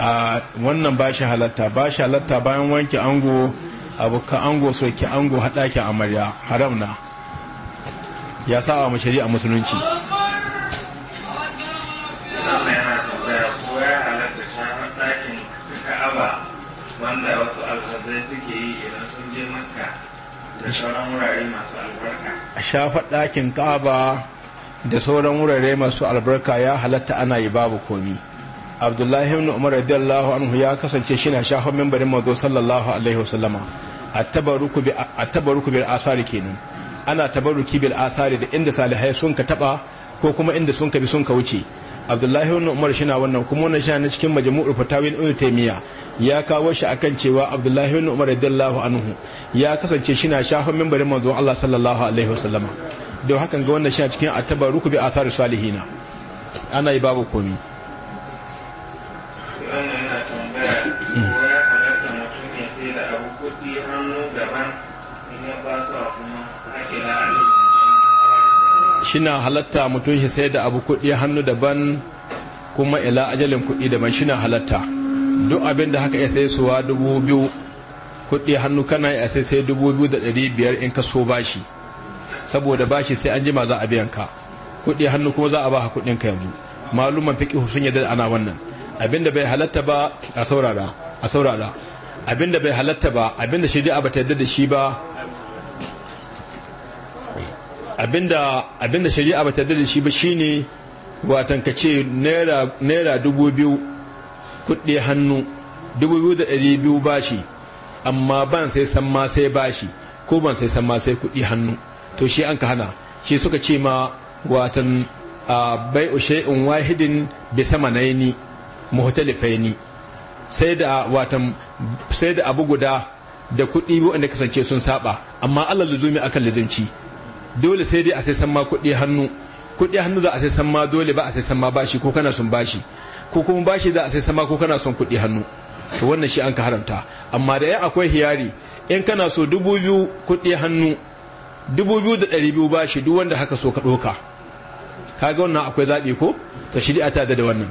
a wannan ba shi halatta ba shi halatta bayan wanke ango abokan ango soke ango haɗa ki amarya haram na ya sa wa a musulunci wanda wasu suke yi idan sun je makka da sauran wurare masu albarka a shafa ɗakin ka'aba da sauran wurare masu albarka ya halatta ana yi babu komi abdullahi ibn umar radiyallahu anhu ya kasance shi na shafan membarin manzo sallallahu alaihi wasallama tabaruku bil asari kenan ana tabaruki bil asari da inda salihai sun ka taba ko kuma inda sun ka bi sun ka wuce abdullahi ibn umar shi na wannan kuma wannan shi na cikin majmu'ul fatawin ibn taymiya ya kawo shi akan cewa abdullahi ibn umar radiyallahu anhu ya kasance shi na shafan membarin manzo Allah sallallahu alaihi wasallama don hakan ga wannan shi cikin tabaruku bil asari salihina ana yi babu komi in ya ba su kuma ake shina halatta mutum shi sai da abu kuɗi hannu daban kuma ila ajalin kuɗi daban shina halatta duk abin da haka ya sai suwa dubu biyu kuɗi hannu kana ya sai sai dubu biyu da ɗari biyar in ka so bashi saboda bashi sai an jima za a biyan ka kuɗi hannu kuma za a ba ha kuɗin ka yanzu maluman fiƙi sun yadda ana wannan abin da bai halatta ba a saurara a saurara abinda bai halatta ba abinda shari'a ba ta yadda da shi ba abinda abinda shari'a ba ta yadda da shi ba shine watan ka ce naira naira dubu biyu kuɗi hannu dubu biyu da ɗari biyu bashi amma ban sai san ma sai bashi ko ban sai san ma sai kuɗi hannu to shi an ka hana shi suka ce ma watan bai ushe'in wahidin bi sama na yini muhtalifaini sai da watan sai da abu guda da kuɗi wanda kasance sun saba amma Allah luzumi akan lizanci dole sai dai a sai san ma kuɗi hannu kuɗi hannu za a sai san ma dole ba a sai san ma bashi ko kana sun bashi ko kuma bashi za a sai san ma ko kana son kuɗi hannu to wannan shi an ka haramta amma da yan akwai hiyari in kana so dubu biyu kuɗi hannu dubu biyu da ɗari biyu bashi duk wanda haka so ka ɗoka kaga wannan akwai zaɓi ko ta shari'a ta da wannan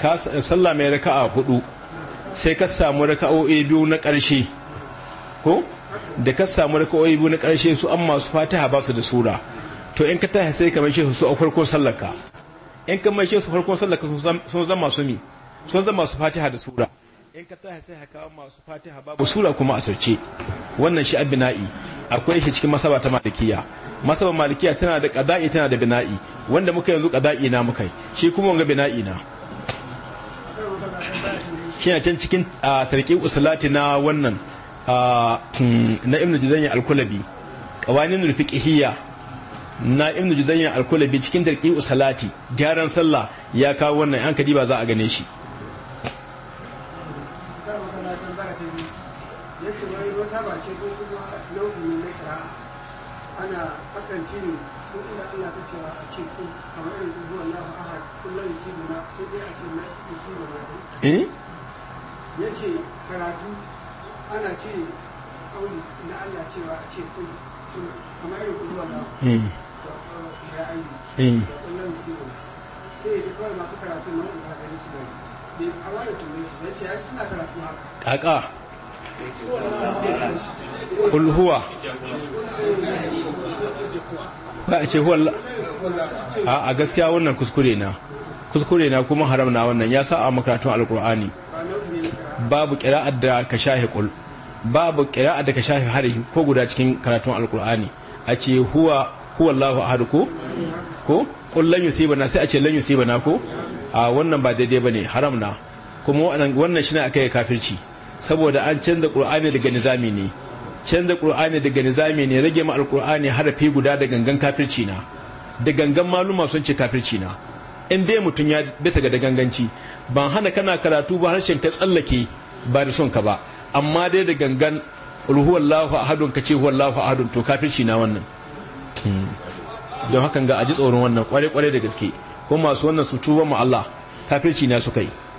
sallah mai raka'a hudu sai ka samu raka'o'i biyu na ƙarshe ko da ka samu raka'o'i biyu na ƙarshe su an masu fatiha ba su da sura to in ka tashi sai ka maishe su a farkon sallaka. in ka maishe su farkon sallarka sun zama su mi sun zama su fatiha da sura in ka tashi sai ka kawo masu fatiha babu sura kuma a sauce wannan shi abina'i akwai shi cikin masaba ta malikiya masaba malikiya tana da qada'i tana da bina'i wanda muka yanzu qada'i na muka shi kuma wanga bina'i na shine can cikin tarki usulati na wannan na ibnu juzayya al-kulabi qawanin al-fiqhiyya na ibnu juzayya al-kulabi cikin tarki usulati gyaran sallah ya kawo wannan an kadi ba za a gane shi ana akan cire ko ina Allah ta cewa a ce ko zuwa ahad kullum sai dai a ce na eh karatu ana ce kauli na Allah cewa a ce ko zuwa hmm. ya hmm. sai kawai masu karatu na wanda gani su a wani tunai suna karatu haka kaka kul huwa a ce huwa a gaskiya wannan kuskure na kuskure na kuma haram na wannan ya sa a makaratun alkur'ani babu kira'ar da ka shahi kul babu kira'ar da ka shahi hari ko guda cikin karatun alkur'ani a ce huwa huwa Allahu ahad ko ko kul lan yusibana sai a ce lan yusibana ko a wannan ba daidai bane haram na kuma wannan shi ne akai kafirci saboda an canza qur'ani daga nizami ne canza qur'ani daga nizami ne rage ma alƙur'ani harafi guda da gangan kafirci na da gangan maluma sun ce kafirci na in dai mutum ya bisa ga da ganganci ban hana kana karatu ba harshen ka tsallake ba da son ka ba amma dai da gangan qul huwallahu ahadun ka ce huwallahu ahadun to kafirci na wannan don hakan ga aji tsoron wannan kware-kware da gaske ko masu wannan su tuba ma Allah kafirci na suka yi